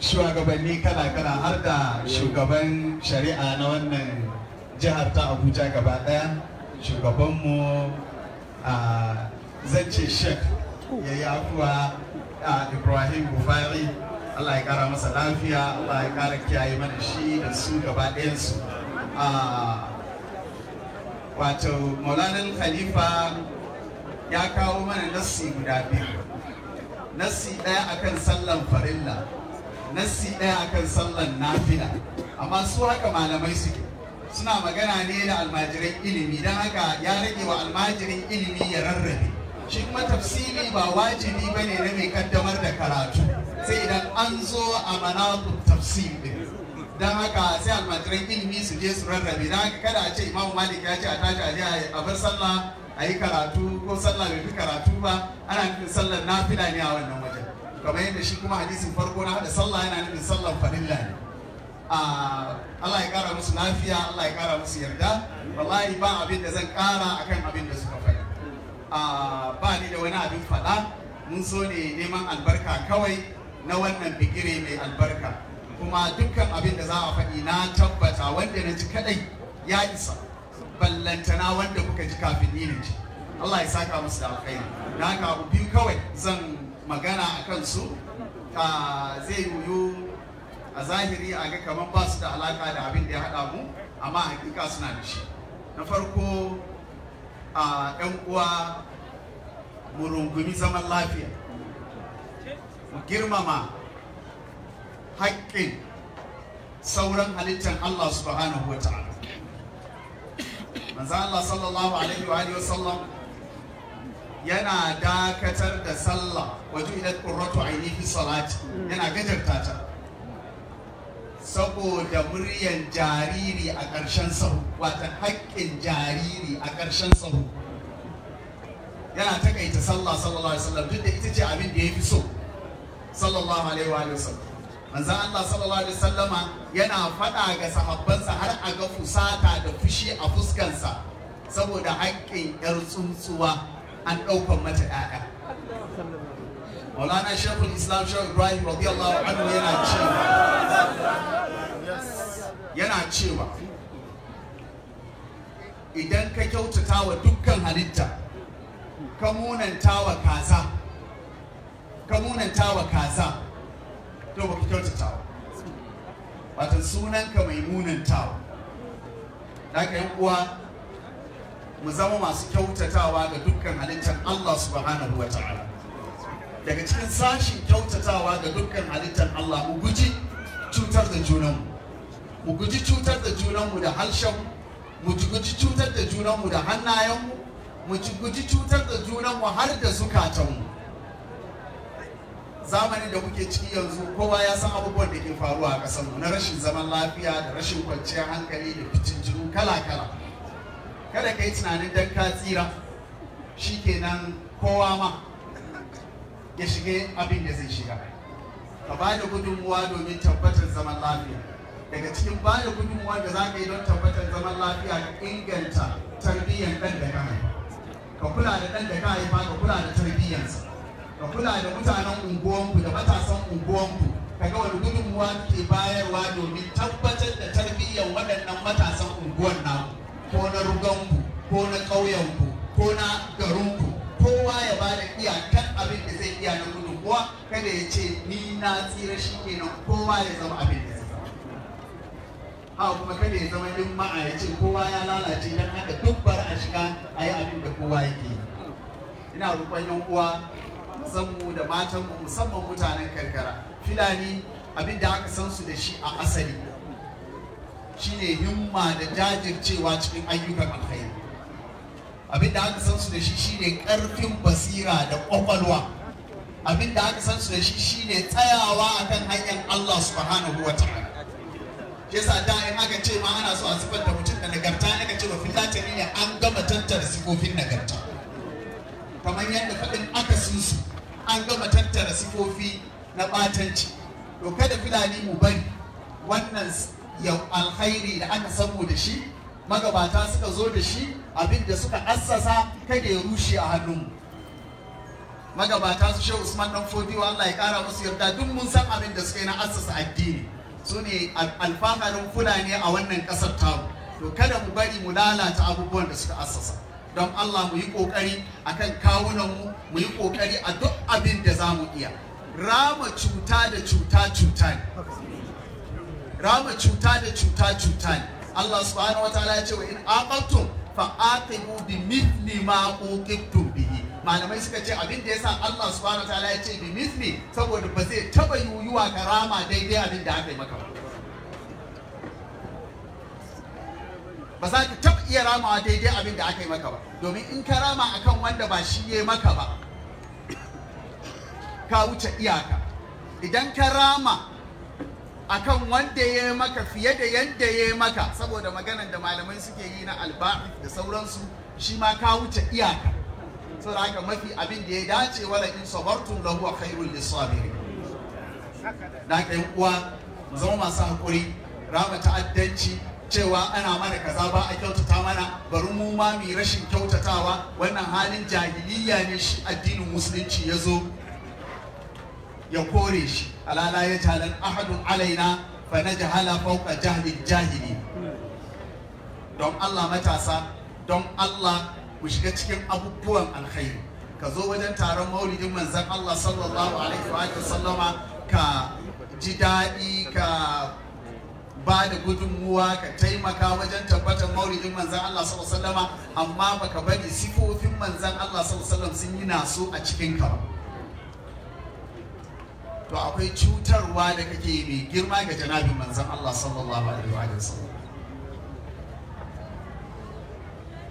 shugabanni kala-kala har da shugaban shari'a na wannan jihar ta abuja gaba daya shugabanmu a zance shek ya yi afuwa a ibrahim bufari allah ya kara masa lafiya allah ya kara kiyaye mana shi da su gaba ɗayansu wato maulanin khalifa ya kawo mana nassi guda biyu nassi ɗaya akan sallan farilla nassi ɗaya akan sallan nafila amma su haka malamai suke suna magana ne da almajirin ilimi don haka ya rage wa almajirin ilimi ya rarrabe shi kuma tafsiri ba wajibi ba ne na mai kaddamar da karatu sai idan an zo a manatu tafsiri don haka sai almajirin ilimi su je su rarrabe don haka kada a ce imamu malik ya ce a tashi a je a bar sallah a yi karatu ko sallah bai fi karatu ba ana sallar nafila ne a wannan kamar yadda shi kuma hadisin farko na hada sallah yana nufin sallan farilla ne ah, Allah ya ƙara musu lafiya Allah ya ƙara musu yarda wallahi ba abin da zan kara akan abin da suka faɗa. Ah, ba ni da wani abin faɗa mun so ne neman albarka kawai na wannan bigire mai albarka kuma dukkan abin da za a faɗi na tabbata wanda na ji kaɗai ya isa ballantana wanda kuka ji kafin ni na ji Allah ya saka musu da alkhairi na haka biyu kawai zan magana a kansu zai yiwu a zahiri a ga kamar ba su da alaka da abin da ya haɗa mu amma hakika suna da shi na farko a yan uwa mu rungumi zaman lafiya mu girmama haƙƙin sauran halittar Allah subhanahu wa ta'ala manzo Allah sallallahu alaihi wa sallam yana dakatar da sallah wajen idan qurratu aini fi salati yana gajarta ta saboda muryan jariri a ƙarshen sahu wata haƙƙin jariri a ƙarshen sahu yana takaita sallah sallallahu alaihi wasallam duk da ita ce abin da ya fi so sallallahu alaihi wa sallam manzo Allah sallallahu alaihi wasallama yana faɗa ga sahabbansa har a ga fusata da fushi a fuskansa saboda haƙƙin 'yar tsuntsuwa an ɗaukan mata ‘ya'ya. Maulana Shekul Islam Shehu Ibrahim radiyallahu anhu yana cewa yana cewa idan ka kyautata wa dukkan halitta ka munanta wa kaza ka munanta wa kaza to baka kyautata wa wato sunanka mai munantawa da ka yan uwa mu zama masu kyautatawa ga dukkan halittar Allah subhanahu wa ta'ala daga cikin sashin kyautatawa ga dukkan halittar Allah mu guji cutar da junanmu mu guji cutar da junanmu da harshen mu guji cutar da junanmu da hannayenmu mu guji cutar da junanmu har da zukatanmu zamanin da muke ciki yanzu kowa ya san abubuwan da ke faruwa a ƙasarmu na rashin zaman lafiya da rashin kwanciyar hankali da fitintinu kala-kala kada ka yi tunanin dan ka tsira shi kenan kowa ma ya shige abin da zai shiga ka ba da gudunmuwa domin tabbatar zaman lafiya daga cikin ba da gudunmuwa da za ka yi don tabbatar zaman lafiya ka inganta tarbiyyar ɗan da ka haifa ka kula da ɗan da ka haifa ka kula da tarbiyyarsa ka kula da mutanen unguwanku da matasan unguwanku ka ga wani gudunmuwa ke bayarwa domin tabbatar da tarbiyyar waɗannan matasan unguwan naku ko na ruganku ko na ƙauyenku ko na garinku kowa ya ba da iyakan abin da zai iya na kowa kada ya ce ni na tsira shi kenan kowa ya zama abin da zai ha kuma kada ya zama din ma'a ya ce kowa ya lalace don haka duk bar a shiga a yi abin da kowa yake ina roƙon yan uwa zanmu da matanmu musamman mutanen karkara filani abin da aka san su da shi a asali shine himma da jajircewa cikin ayyukan alkhairi abin da aka san su da shi shine karfin basira da kwakwalwa abin da aka san su da shi shine tsayawa akan hanyar Allah subhanahu wa ta'ala ke sa da in aka ce ma ana so a da mutum da nagarta aka ce wa filatani ne an gama tattara sifofin nagarta kamar yadda faɗin akasin su an gama tattara sifofi na batanci to kada fulani mu bari wannan alkhairi da aka samu da shi magabata suka zo da shi abin da suka assasa kada ya rushe a hannunmu magabata su shehu usman dan wa Allah ya kara musu yarda duk mun san abin da suka yi na assasa addini su ne alfaharin fulani a wannan kasar tamu to kada mu bari mu lalata abubuwan da suka assasa don Allah mu yi kokari akan kawunan mu mu yi kokari a duk abin da za mu iya rama cuta da cuta cuta ne rama cuta da cuta cuta ne Allah subhanahu wa ta'ala ya ce wa in aqattum fa aqimu bi mithli ma uqittum bihi malamai suka ce abin da yasa Allah subhanahu wa ta'ala ya ce bi mithli saboda ba zai taba yuyuwa ka rama daidai abin da aka yi maka ba ba za ka taɓa iya ramawa daidai abin da aka yi maka ba domin in ka rama akan wanda ba shi ya maka ba ka wuce iyaka idan ka rama akan wanda ya yi maka fiye da yadda ya yi maka saboda magana da malamai suke yi na alba'i da sauransu shi ma ka wuce iyaka da haka mafi abin da ya dace wala in sabartum lahu khairul lisabirin da haka yan uwa zama masu hakuri rama ta'addanci cewa ana mana kaza ba a kyautata mana bari mu ma mu rashin kyautatawa wannan halin jahiliya ne shi addinin musulunci ya zo ya kore shi ala la halin ahadun alaina fa najhala fawqa jahlil jahili don Allah matasa don Allah ku shiga cikin abubuwan alkhairi ka zo wajen taron maulidin manzan Allah sallallahu alaihi wa sallama ka ji daɗi ka ba da gudunmuwa ka taimaka wajen tabbatar maulidin manzan Allah sallallahu alaihi amma baka bari sifofin manzan Allah sallallahu alaihi sun yi naso a cikin ka ba to akwai cutarwa da kake mai girma ga janabi manzan Allah sallallahu alaihi wa sallam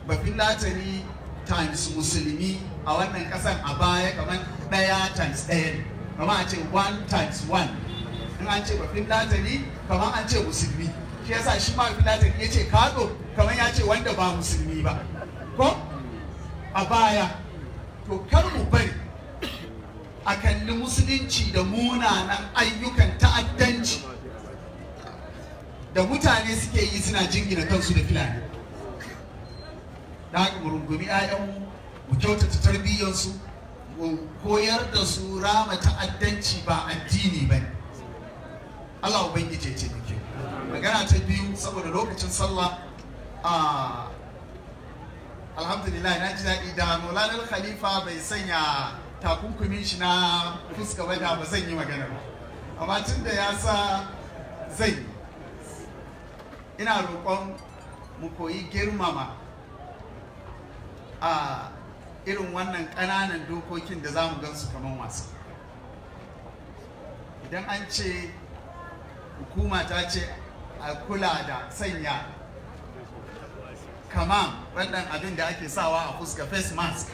bafin latari times musulmi a wannan kasan a baya kamar daya times daya kamar a ce one times one in an ce bafin latari kamar an ce musulmi shi yasa shi ma bafin latari ya ce kado kamar ya ce wanda ba musulmi ba ko a baya to kar mu bari a kalli musulunci da munanan ayyukan ta'addanci da mutane suke yi suna jingina kansu da filani da haka mu rungumi 'ya'yanmu mu kyautata tarbiyyarsu mu koyar da su rama ta'addanci ba addini ba ne Allah ubangiji ce muke magana ta biyu saboda lokacin sallah alhamdulillah na ji daɗi da mulanar khalifa bai sanya takunkumin shi na fuska bada ba zan yi magana ba amma tun da ya sa zai ina roƙon mu koyi girmama a irin wannan ƙananan dokokin da za mu gan su kamar wasu idan an ce hukuma ta ce a kula da sanya kama wannan abin da ake sawa a fuska face mask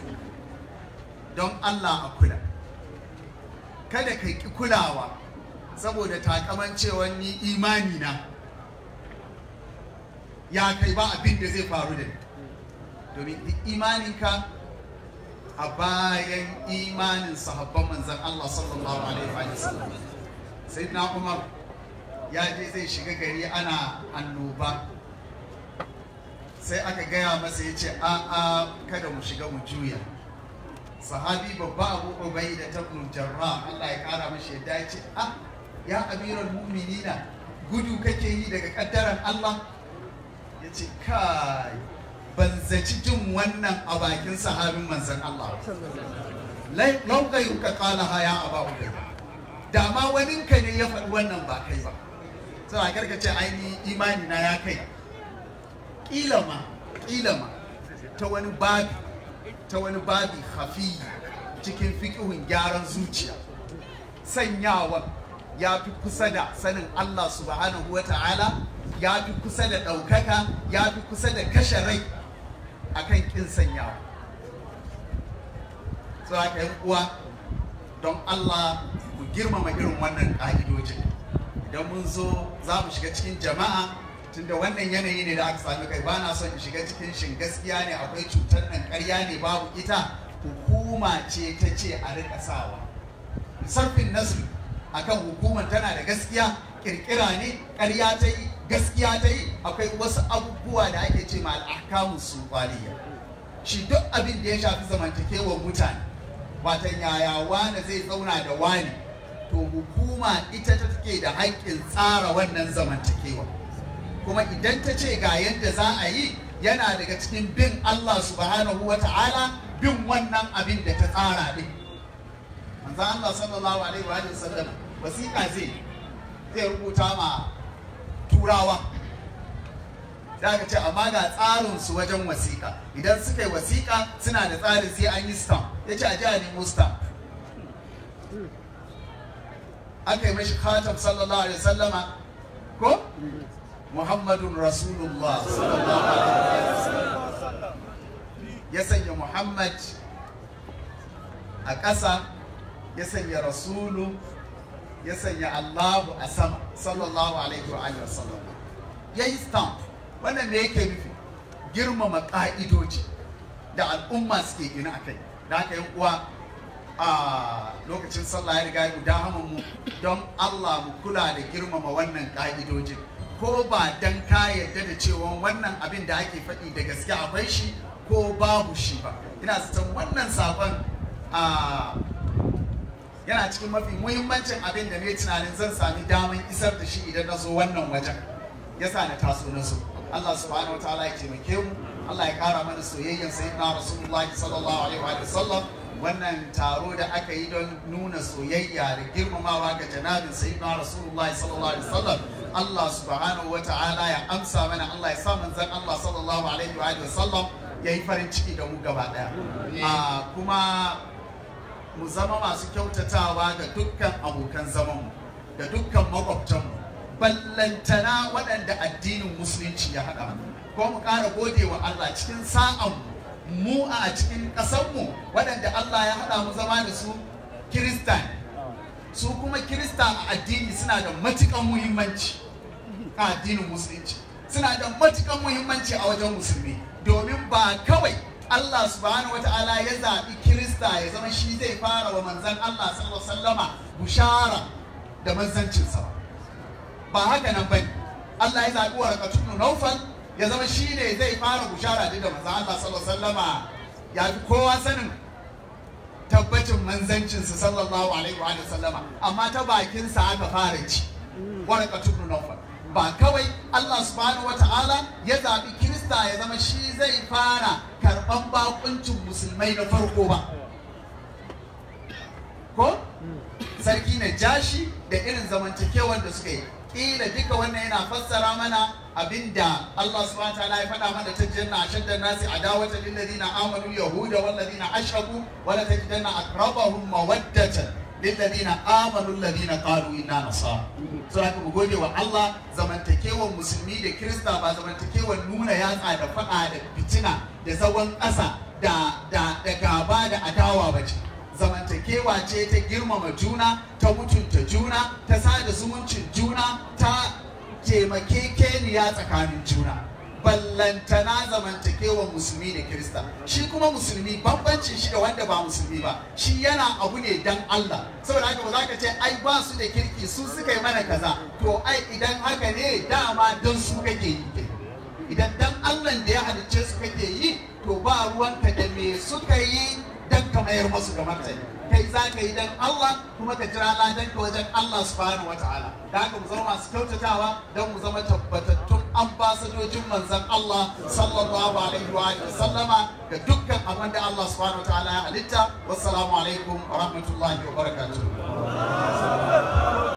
don Allah a kula kada ka ki kulawa saboda takaman cewa ni imani na ya kai ba abin da zai faru da ni domin duk imaninka a bayan imanin sahabban manzan Allah sallallahu alaihi wa sai na umar ya je zai shiga gari ana annoba sai aka gaya masa ya ce a'a kada mu shiga mu juya sahabi babba abu ubai da tabnu jarra Allah ya kara mashi ya dace ah ya amiral mu'minina gudu kake yi daga kaddaran Allah ya ce kai ban zaci jin wannan a bakin sahabin manzon Allah lau ga ka kala ha ya aba ubai da ma wani ka ne ya faɗi wannan ba kai ba sai a ainihin aini imani na ya kai kila ma ta wani babi ta wani babi hafi cikin fiƙihun gyaran zuciya sanyawa ya fi kusa da sanin Allah subhanahu wa ta'ala ya fi kusa da ɗaukaka ya fi kusa da kashe rai akan ƙin sanyawa tsaka uwa don Allah ku girmama irin wannan ƙa'idojin idan mun zo za mu shiga cikin jama'a tunda wannan yanayi ne da aka sami kai ba na son in shiga cikin shin gaskiya ne akwai cutar nan karya ne babu ita hukuma ce ta ce a rika sawa sarfin nasu akan hukumar tana da gaskiya kirkira ne karya ta yi gaskiya ta yi akwai wasu abubuwa da ake ce ma su kwaliya shi duk abin da ya shafi zamantakewar mutane watan yaya wani zai zauna da wani to hukuma ita ta take da haƙƙin tsara wannan zamantakewa kuma idan ta ce ga yadda za a yi yana daga cikin bin Allah subhanahu wa ta'ala bin wannan abin da ta tsara ne. manzan Allah sallallahu alaihi wa sallam wasiƙa zai zai rubuta ma turawa da ka ce amma ga tsarin su wajen wasiƙa idan suka yi wasiƙa suna da tsarin sai an yi stamp ya ce a ji a nemo stamp aka yi mashi khatam sallallahu alaihi wasallama ko muhammadun rasulullah ya sanya muhammad a ƙasa ya sanya rasulu ya sanya allahu a sama sallallahu alaihi wa sallam. ya yi stamp wannan me yake nufi girmama ƙa'idoji da al'umma suke gina a kai da aka yi uwa a lokacin sallah ya riga ya mu don allah mu kula da girmama wannan ƙa'idojin ko ba dan ka yarda da cewa wannan abin da ake faɗi da gaske akwai shi ko babu shi ba ina san wannan sabon yana cikin mafi muhimmancin abin da ne tunanin zan sami damar isar da shi idan na zo wannan wajen Ya yasa na taso na so Allah subhanahu wataala ya taimake mu Allah ya kara mana soyayyan sayyidina Rasulullah sallallahu alaihi wa sallam wannan taro da aka yi don nuna soyayya da girmamawa ga janabin sayyidina Rasulullah sallallahu alaihi wa sallam Allah subhanahu wa ta'ala ya amsa mana Allah ya sa zan Allah sallallahu alaihi wa sallam ya yi farin ciki da mu gaba daya ah, kuma mu zama masu kyautatawa ga dukkan abokan mu da dukkan mu ballantana waɗanda addinin musulunci ya haɗa ko mu ƙara gode wa Allah cikin sa'an mu a cikin ƙasanmu waɗanda Allah ya haɗa mu zama da su kiristan su kuma kirista a addini suna da matukan muhimmanci a addinin musulunci suna da matukan muhimmanci a wajen musulmi domin ba kawai Allah subhanahu wata'ala ya zaɓi kirista ya zama shi zai fara wa manzan Allah sallallahu sallama bushara da sa ba haka nan bane Allah ya zaɓi wa rakatun naufal ya zama shi ne zai fara bushara da manzan Allah sallallahu sallama ya fi kowa sanin tabbacin manzancinsa sallallahu alaihi wa sallama amma ta bakin sa aka fara ci waraka tubnu nawfal ba kawai Allah subhanahu wata'ala ya zabi kirista ya zama shi zai fara karɓan bakuncin musulmai na farko ba ko sarki na jashi da irin zamantakewar da suka yi ƙila duka wannan yana fassara mana abinda Allah subhanahu wataala ya faɗa mana ta janna ashaddan nasi adawata lil ladina amanu yahuda wal ladina ashraku wa la tajidanna aqrabahum mawaddatan lil ladina amanu ladina qalu inna nasara so haka mu gode wa Allah zamantakewar musulmi da kirista ba zamantakewar nuna yatsa da faɗa da fitina da zagon ƙasa da da da gaba da adawa bace zamantakewa ce ta girmama juna ta mutunta juna ta sada zumuncin juna ta taimakekeniya tsakanin juna ballantana zamantakewa musulmi da kirista shi kuma musulmi bambancin shi da wanda ba musulmi ba shi yana abu ne dan Allah saboda haka ba za ka ce ai ba su da kirki su suka yi mana kaza to ai idan haka ne dama don su kake yi idan dan Allah da ya halicce su kake yi to ba ruwanka da me suka yi dan ka mayar musu da martani kai za ka yi dan Allah kuma ka jira ladan ka wajen Allah subhanahu wataala da haka mu zama masu kyautatawa dan mu zama tabbatattun ambasadojin manzon Allah sallallahu alaihi wa sallama ga dukkan abin da Allah subhanahu ya halitta wassalamu alaikum wa rahmatullahi wa barakatuh